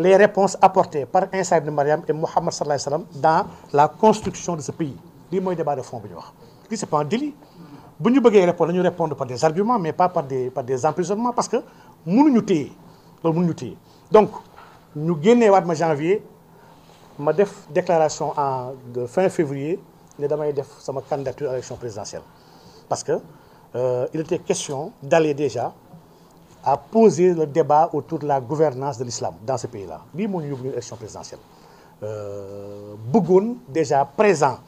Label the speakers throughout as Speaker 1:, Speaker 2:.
Speaker 1: les réponses apportées par Insa ibn Mariam et Mohammed sallallahu alayhi wa sallam dans la construction de ce pays lii mooy débat de fond bi ñu wax lii c'est pas un délit bu ñu bëggee répondre dañu répondre par des arguments mais pas par des par des emprisonnements parce que mënuñu téye loolu mënuñu téye donc ñu génnee waat ma janvier ma def déclaration en fin février ne damay def sama candidature à l'élection présidentielle parce que euh, il était question d'aller déjà à poser le débat autour de la gouvernance de l'islam dans ce pays-là lii moo ñu yóbbu ñu élection présidentielle euh, bëggoon déjà présent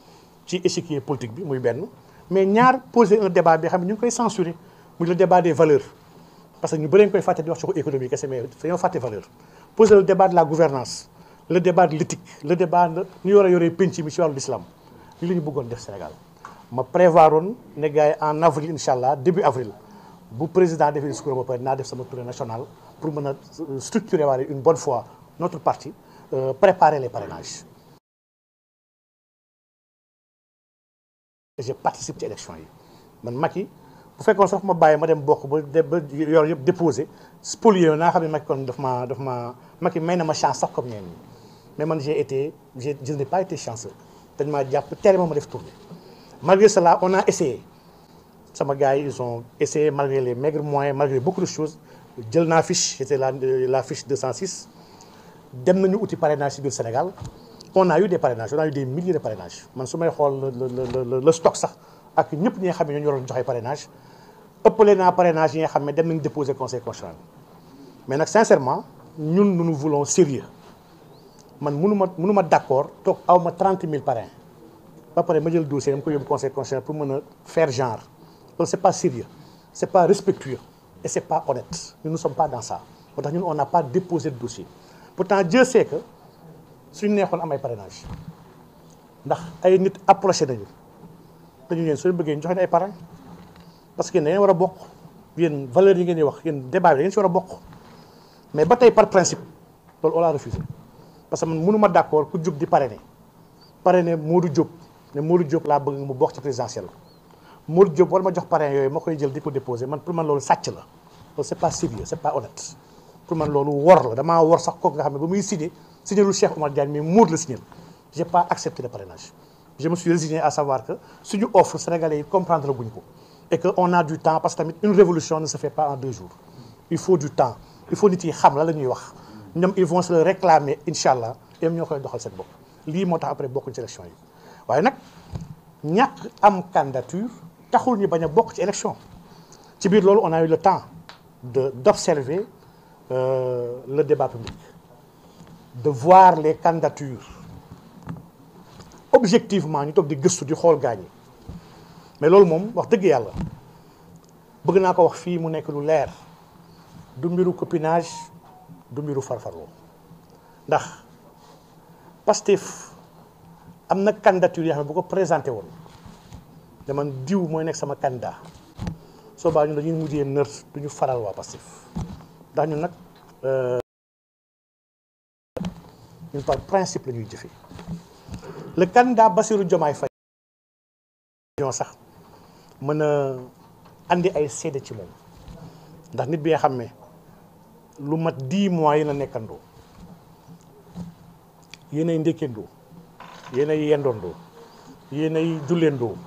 Speaker 1: ci échiquier politique bi muy benn mais ñaar poser un débat bi xam ne ñu koy censurer muy le débat des valeurs parce que ñu bëri koy fàtte di wax ci ko économie kese mais dañoo fàtte valeur poser le débat de la gouvernance le débat de l'éthique le débat de ñu yore a yoree penc mi ci wàllu l'islam li la ñu bëggoon def Sénégal ma prévoiroon ne gars en avril incha allah début avril bu président defee discours ba pare naa def sama tournée nationale pour mën a euh, structurer waale une bonne fois notre parti euh, préparer les parrainages. je participe ci élection yi man Macky bu fekkoon sax ma bàyyi ma dem bokk ba ba yor yëpp déposé spolié naa xam ne Macky kon daf ma daf ma Macky may na ma chance sax comme ñeen mais man j'ai été je je n'ai pas été chanceux dañ maa jàpp tere ma def tournée malgré cela on a essayé. sama gars yi ils ont essayé malgré les maigres moyens malgré beaucoup de choses jël naa fiche c'était la la fiche 206 dem nañu uti parrainage ci biir Sénégal on a eu des parrainages on a eu des milliers de parrainages man su may xool le le stock sax ak ñëpp ñi nga xam ne ñoo doon joxe parrainage ëppale naa parrainage yi nga xam ne dem nañu déposer conseil constitutionnel mais nag sincèrement ñun nous nous voulons sérieux man munu ma mënu ma d'accord toog aw ma 30 000 parrains ba pare ma jël dossier dama ko yóbbu conseil pour mën a faire genre. donc c'est pas sérieux c'est pas respectueux et c'est pas honnête ñun nous sommes pas dans ça moo tax ñun on n'a pas déposé de dossier pourtant Dieu sait que suñu neexoon am ay parrainage ndax ay nit approché nañu dañu leen suñu bëggee ñu joxe ay parrain parce que yéen war a bokk yéen valeurs yi ngeen di wax yéen débat bi yéen si war a bokk mais ba tey par principe loolu on l'a refusé parce que man mënuma d'accord ku jub di parrainer parrainer Modou Diop ne Modou Diop laa bëgg mu bokk ci présidentielle Modou Diop war ma jox parrain yooyu ma koy jël di ko déposé man pour man loolu sàcc la loolu c'est pas sérieux c'est pas honnête pour man loolu wor la damaa wor sax kooku nga xam ne ba muy signé signé lu Cheikh Omar Diagne mais Modou la signé j'ai pas accepté le parrainage me suis résigné à savoir que suñu offre sénégalais yi comprendre guñ ko et que on a du temps parce que tamit une révolution ne se fait pas en deux jours il faut du temps il faut nit yi xam la la ñuy wax ñoom ils vont se le ñoo koy doxal seen bopp lii moo tax après bokkuñ ci élection yi waaye nag taxul ñu bañ a bokk ci élection ci biir loolu on a eu le temps de d'observer euh, le débat public de voir les candidatures objectivement ñu toog di gëstu di xool gaañi mais loolu moom wax dëgg yàlla bëgg naa ko wax fii mu nekk lu leer du mbiru copinage du mbiru farfarloo ndax Pastef am na candidature yoo xam ne bu ko présenté woon dama man diw mooy nekk sama candidat soo baa ñun dañuy mujjee nër du ñu faral waa Pastef ndax ñun nag euh, ñun par principe la jëfee le candidat Bassirou Diomaye Faye ñoo sax mën a andi ay seede ci moom ndax nit bi nga xam ne lu mat di mois yéen a nekkandoo yéen ay ndékkendoo yéen yendoondoo yéen ay julleendoo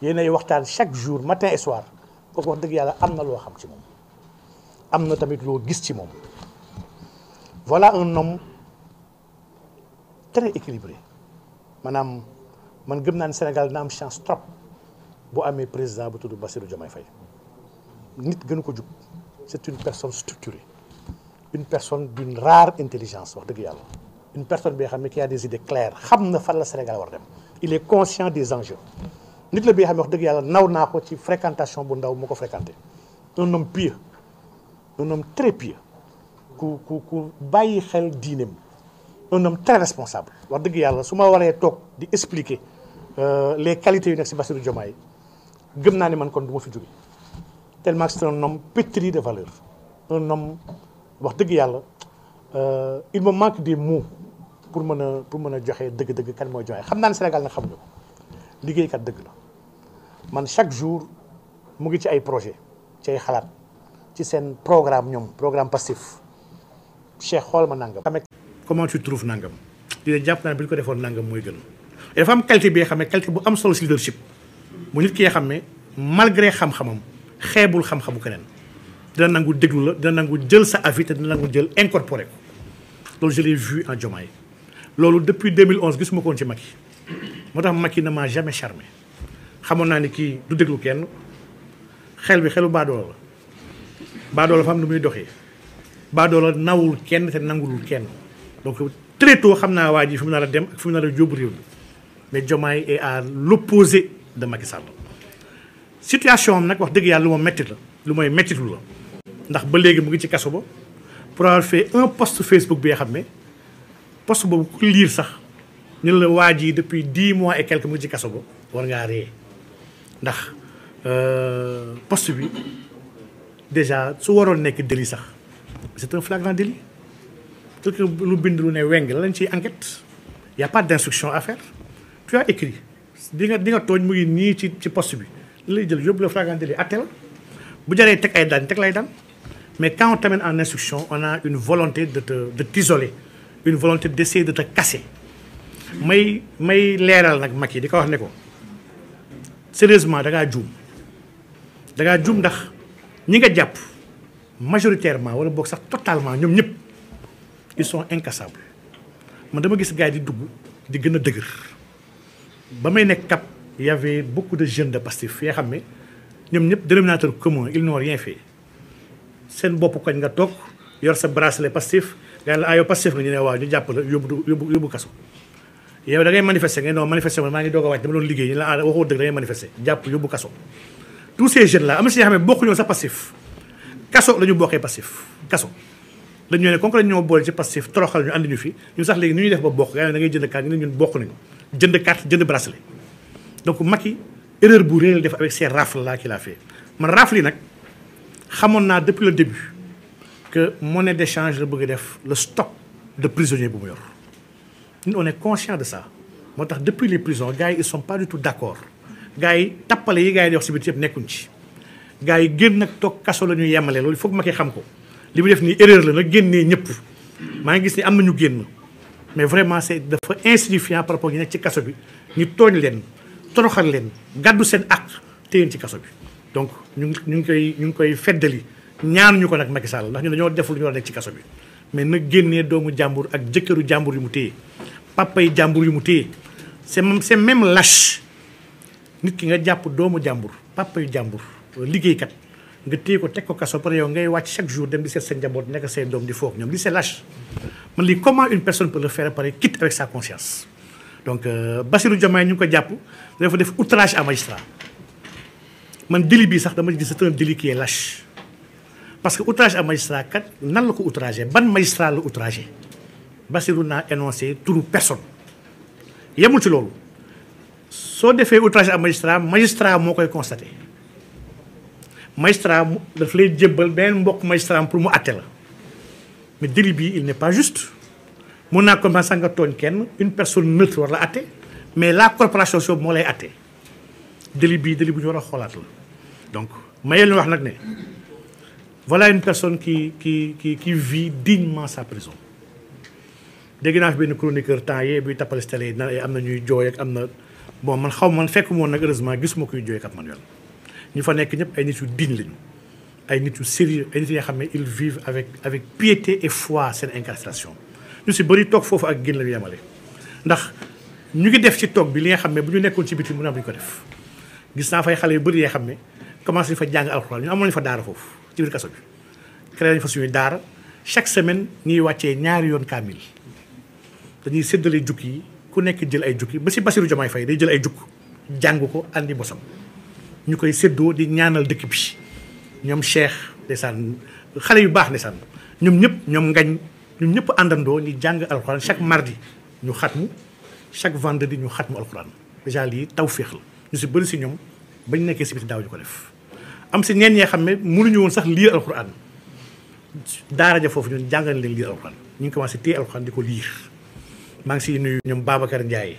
Speaker 1: yéenay waxtaan chaque jour matin et soir kooku wax dëgg yàlla am na loo xam ci moom am na tamit loo gis ci moom voilà un nom très équilibré maanaam man gëm naa ne Sénégal na am chance trop bu amee président bu tudd Bassirou Diomaye Faye nit gënu ko jub c'est une personne structurée une personne d'une rare intelligence wax dëgg yàlla une personne bi xam ne qui a des idées claires xam na fan la Sénégal war dem il est conscient des enjeux nit la bi xam ne wax dëgg yàlla naw naa ko ci fréquentation bu ndaw moo ko fréquenté un homme pieux un homme très pieux ku ku ku bàyyi xel diineem un homme très responsable wax dëgg yàlla su ma waree toog di expliquer euh, les qualités yu nekk si Bassirou Diomaye gëm naa ne man kon du ma fi jóge tellement c'est un homme pétri de valeur un homme wax dëgg yàlla euh, il me manque des mots pour mën a pour mën a joxe dëgg-dëgg kan mooy joxe xam naa ne Sénégal nag xamuñu ko liggéeykat dëgg la man chaque jour mu ngi ci ay projet ci ay xalaat ci seen programme ñoom programme passif Cheikh xool ma nangam. comment tu trouves nangam di leen jàpp naa bi bu ñu ko defoon nangam mooy gën dafa am bi xam ne qualité bu am solo si leadership mu nit ki xam ne malgré xam xeebul xam-xamu keneen dina nangu déglu la dina nangu jël sa avis te dina nangu jël incorporé ko loolu je vue vu en loolu depuis 2011 gisuma ko woon ci Macky moo tax Macky na m'a jamais charmé. xamoon naa ni kii du déglu kenn xel bi xelu baadoola la baadoola fa am lu muy doxee baadoola nawul kenn te nangulul kenn donc très tôt xam naa waa ji fi mu nar a dem ak fi mu nar a jóobu réew mi mais Diomaye est à l'opposé de Sall situation nag wax dëgg yàlla lu ma lu may méttitu ndax ba léegi mu ngi ci kaso ba post Facebook bi nga ne post boobu ku sax ñu la waa ji depuis dix mois et quelques mu ngi ci kaso ba war ngaa ree ndax euh, poste bi déjà su waroon nekk délit sax c'est un flagrant délit parce que lu bind lu ne weng la lañ ci enquête y a pas d'instruction à faire écrit di nga di nga tooñ mu ngi nii ci ci poste bi lay jël yóbbu la flagrant délit atte bu jaree teg ay daan teg lay daan mais quand on en instruction on a une volonté de te de t'isoler une volonté de te casser may may leeral nag mag yi di ko wax ne ko sérieusement da ngaa juum da ngaa juum ndax ñi nga jàpp majoritairement wala boog sax totalement ñoom ñëpp il sont incassables man dama gis gars di dugg di gën a dëgër ba may nekk cap y avait de jeune de Pastef yoo xam ne ñoom ñëpp dénominateur commun ils n'ont rien fait seen bopp koñ nga toog yor sa bracelet Pastef nga ne la ah, nga ñu ne waaw ñu jàpp la yóbbu yóbbu yóbbu kaso yow da ngay manifester nga ne non manifester maa ngi doog a wàcc dama doon liggéey ñu la ah waxoo dëgg da ngay jàpp yóbbu kaso tous ces jeunes là am na si ñoo xam ne bokkuñoo sax passif kaso la ñu passif kaso dañu ne comme que dañu ñoo ñu andi ñu sax léegi ni ñuy def ba bokk gaa yi da ngay jënd carte ñu ne ñun bokk nañu jënd carte jënd bracelet donc Macky erreur bu réel def avec ces rafles là qu'il a fait man rafle yi nag xamoon naa depuis le début que monnaie d la bëgg def le stock de prisonniers bu mu Nous, on est conscient de ça. moo tax depuis les prisons gars yi ils sont pas du tout d'accord gars tappale yi gaay yi di wax si yëpp nekkuñ ci gars yi génn nag toog kaso la ñuy yemale loolu foog ma koy xam ko li mu def nii erreur la nag génnee ñëpp maa ngi gis ni am na ñu génn mais vraiment c'est dafa insignifiant par rapport ñu nekk ci kaso bi ñu tooñ leen toroxal leen gàddu seen ak téyeen ci kaso bi donc ñu ngi ñu ngi koy ñu ngi koy feddali ñaanuñu ko nag Macky Sall ndax ñu dañoo def lu ñu ci kaso bi mais na génnee doomu jàmbur ak jëkkëru jàmbur yu mu téye papay jàmbur yu mu téye c'est même c'est même nit ki nga jàpp doomu jàmbur papayu jàmbur liggéeykat nga téye ko teg ko kaso pare yow ngay wàcc chaque jour dem di seet sa njaboot nekk say doom di foog ñoom li c'est lâche man lii comment une personne peut le faire pare quitte avec sa conscience donc euh, Bassirou Diomaye ñu ngi ko jàpp dafa def outrage à magistrat man délit bii sax dama gis sa un délit qui est parce que outrage à magistrat kat nan la ko outragé ban magistrat la outragé Bassirou naa énoncé turu personne yemul ci loolu soo defee outrage à magistrat magistrat moo koy constaté magistrat daf lay jëbbal benn mbokk magistrat pour mu àtte la mais délit bi il n'est pas juste mun naa commencé nga tooñ kenn une personne neutre war la àtte mais la corporation soo moo lay àtte délit bii délit bu ñu war a xoolaat la donc mayee lu wax nag ne voilà une personne qui qui qui qui vit dignement sa prison dégg naa fi benn chroniqueur temps yee buy tappale télé yi na eh, am na ñuy jooy ak am na bon man xaw man fekk moom nag heureusement gisuma koy jooy kat man yoon ñu fa nekk ñëpp ay nit yu digne lañu ay nit yu sérieux ay nit yi xam ne ils vivent avec avec piété et fois seen incarcération ñu si bëri toog foofu ak génn la ñu ndax ñu ngi def ci toog bi li nga xam ne bu ñu nekkoon ci biti mun am bu ñu ko def naa fay xale yu bëri yoo xam ne commencé fa jàng alxuraan ñu amoon ñu fa daara foofu ci biir kaso bi créé fa suñuy daara chaque semaine ñuy wàccee ñaari yoon kaamil dañuy séddalee jukki yi ku nekk jël ay jukki ba si Bassirou Diomaye fay day jël ay jukk jàng ko andi bosam ñu koy séddoo di ñaanal dëkk bi ñoom Cheikh ndeysaan xale yu baax ndeysaan ñoom ñëpp ñoom ngañ ñoom ñëpp àndandoo ñu jàng alxuraan chaque mardi ñu xatmu chaque vendredi ñu xatmu alxuraan déjà lii tawféex la ñu si bëri si ñoom bañ nekkee si daaw ñu ko def am si ñeen ñee xam ne mënuñu woon sax liir alxuraan daara ja foofu ñun jàngal leen liir alxuraan ñu ngi commencé téye alxuraan di ko liir maa ngi siy nuyu ñoom Babacar Ndiaye.